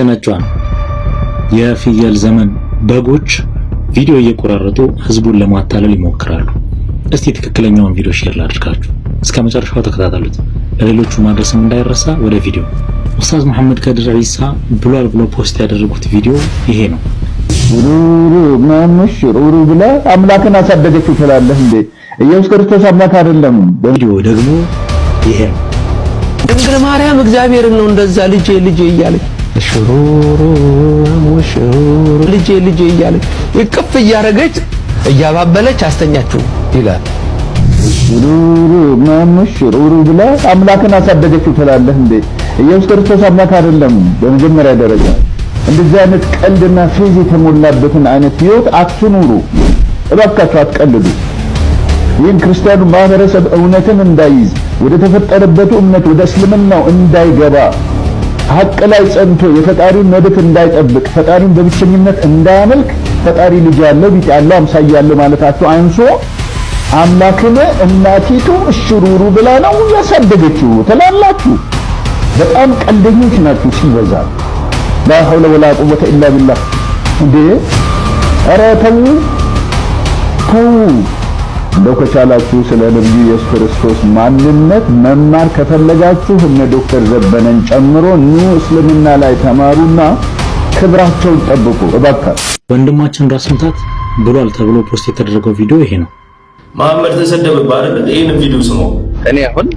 ጭነቿን የፍየል ዘመን በጎች ቪዲዮ እየቆራረጡ ህዝቡን ለማታለል ይሞክራሉ። እስቲ ትክክለኛውን ቪዲዮ ሼር ላድርጋችሁ፣ እስከ መጨረሻው ተከታተሉት። ለሌሎቹ ማድረስም እንዳይረሳ። ወደ ቪዲዮ ኡስታዝ መሐመድ ከድር ዒሳ ብሏል ብሎ ፖስት ያደረጉት ቪዲዮ ይሄ ነው። ሩሩ ማንሽ ሩሩ ብለ አምላክን አሳደገችው ትላለህ እንዴ? ኢየሱስ ክርስቶስ አምላክ አይደለም። ቪዲዮ ደግሞ ይሄ ነው። ድንግል ማርያም እግዚአብሔርን ነው እንደዛ ልጄ ልጄ እያለች ሽሩሩ ሙሽሩ ልጄ ልጄ እያለች እቅፍ እያረገች እያባበለች አስተኛችሁ ይላል። ሽሩሩ ወሽሩሩ ብላ አምላክን አሳደገችው ትላለህ እንዴ? ኢየሱስ ክርስቶስ አምላክ አይደለም በመጀመሪያ ደረጃ። እንደዚህ አይነት ቀልድና ፌዝ የተሞላበትን አይነት ህይወት አትኑሩ እባካችሁ፣ አትቀልዱ። ይህን ክርስቲያኑ ማህበረሰብ እውነትን እንዳይዝ ወደ ተፈጠረበት እምነት ወደ እስልምናው እንዳይገባ ሀቅ ላይ ጸንቶ የፈጣሪውን መብት እንዳይጠብቅ ፈጣሪውን በብቸኝነት እንዳያመልክ ፈጣሪ ልጅ ያለው ቢጤ ያለው አምሳያ ያለው ማለታቸው አንሶ አምላክን እናቲቱ እሽሩሩ ብላ ነው ያሳደገችው ትላላችሁ። በጣም ቀልደኞች ናችሁ ሲበዛ። ላ ሐውለ ወላ ቁወተ ኢላ ቢላህ። እንዴ ኧረ ተው ተው እንደው ከቻላችሁ ስለ ነብዩ ኢየሱስ ክርስቶስ ማንነት መማር ከፈለጋችሁ እነ ዶክተር ዘበነን ጨምሮ ኑ እስልምና ላይ ተማሩና ክብራቸውን ጠብቁ እባካ። ወንድማችን ጋር ምታት ብሏል ተብሎ ፖስት የተደረገው ቪዲዮ ይሄ ነው። መሐመድ ተሰደበብህ ይሄን ቪዲዮ ስሙ። እኔ አሁን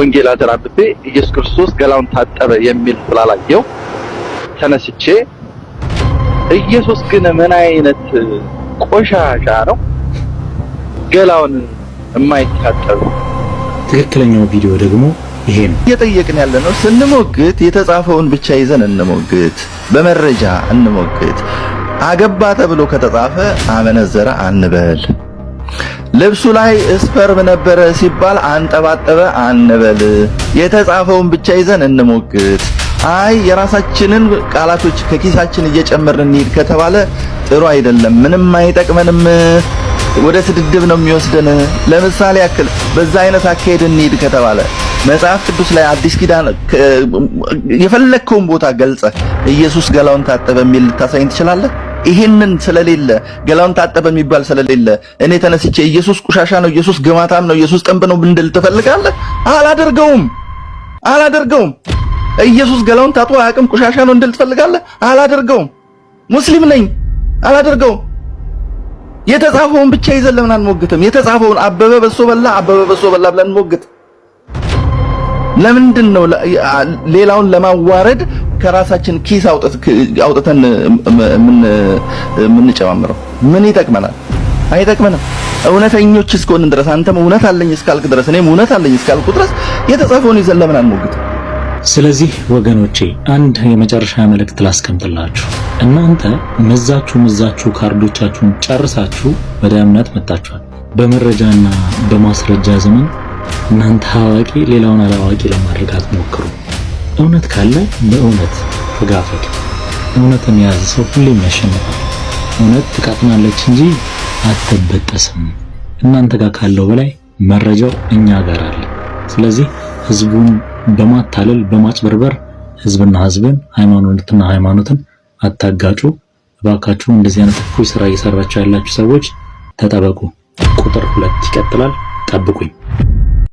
ወንጌል አደራብቤ ኢየሱስ ክርስቶስ ገላውን ታጠበ የሚል ስላላየው ተነስቼ ኢየሱስ ግን ምን አይነት ቆሻሻ ነው ገላውን የማይታጠብ ትክክለኛው ቪዲዮ ደግሞ ይሄ ነው። እየጠየቅን ያለ ነው። ስንሞግት የተጻፈውን ብቻ ይዘን እንሞግት፣ በመረጃ እንሞግት። አገባ ተብሎ ከተጻፈ አመነዘረ አንበል። ልብሱ ላይ ስፐርም ነበረ ሲባል አንጠባጠበ አንበል። የተጻፈውን ብቻ ይዘን እንሞግት። አይ የራሳችንን ቃላቶች ከኪሳችን እየጨመርን እንሂድ ከተባለ ጥሩ አይደለም፣ ምንም አይጠቅመንም። ወደ ስድድብ ነው የሚወስደን። ለምሳሌ ያክል በዛ አይነት አካሄድ እንሂድ ከተባለ መጽሐፍ ቅዱስ ላይ አዲስ ኪዳን የፈለግከውን ቦታ ገልጸ ኢየሱስ ገላውን ታጠበ የሚል ልታሳይን ትችላለህ። ይሄንን ስለሌለ ገላውን ታጠበ የሚባል ስለሌለ እኔ ተነስቼ ኢየሱስ ቆሻሻ ነው፣ ኢየሱስ ግማታም ነው፣ ኢየሱስ ጥንብ ነው ብንድል ትፈልጋለህ? አላደርገውም፣ አላደርገውም። ኢየሱስ ገላውን ታጥቦ አያውቅም፣ ቆሻሻ ነው እንድል ትፈልጋለህ? አላደርገውም። ሙስሊም ነኝ፣ አላደርገውም። የተጻፈውን ብቻ ይዘን ለምን አንሞግትም? የተጻፈውን አበበ በሶ በላ አበበ በሶ በላ ብለን ሞግት። ለምንድን ነው ሌላውን ለማዋረድ ከራሳችን ኪስ አውጥተን የምንጨማምረው? ምን ይጠቅመናል? አይጠቅመንም። እውነተኞች እስከሆንን ድረስ አንተም እውነት አለኝ እስካልክ ድረስ እኔም እውነት አለኝ እስካልኩ ድረስ የተጻፈውን ይዘን ለምን አንሞግትም? ስለዚህ ወገኖቼ አንድ የመጨረሻ መልእክት ላስቀምጥላችሁ። እናንተ መዛችሁ መዛችሁ ካርዶቻችሁን ጨርሳችሁ ወደ እምነት መጣችኋል። በመረጃና በማስረጃ ዘመን እናንተ አዋቂ ሌላውን አላዋቂ ለማድረግ አትሞክሩ። እውነት ካለ በእውነት ፍጋፈት። እውነትን የያዘ ሰው ሁሌም ያሸንፋል። እውነት ትቃጥናለች እንጂ አትበጠስም። እናንተ ጋር ካለው በላይ መረጃው እኛ ጋር አለ። ስለዚህ ህዝቡን በማታለል በማጭበርበር ህዝብና ህዝብን ሃይማኖትና ሃይማኖትን አታጋጩ። እባካችሁ እንደዚህ አይነት እኩይ ስራ እየሰራችሁ ያላችሁ ሰዎች ተጠበቁ። ቁጥር ሁለት ይቀጥላል። ጠብቁኝ።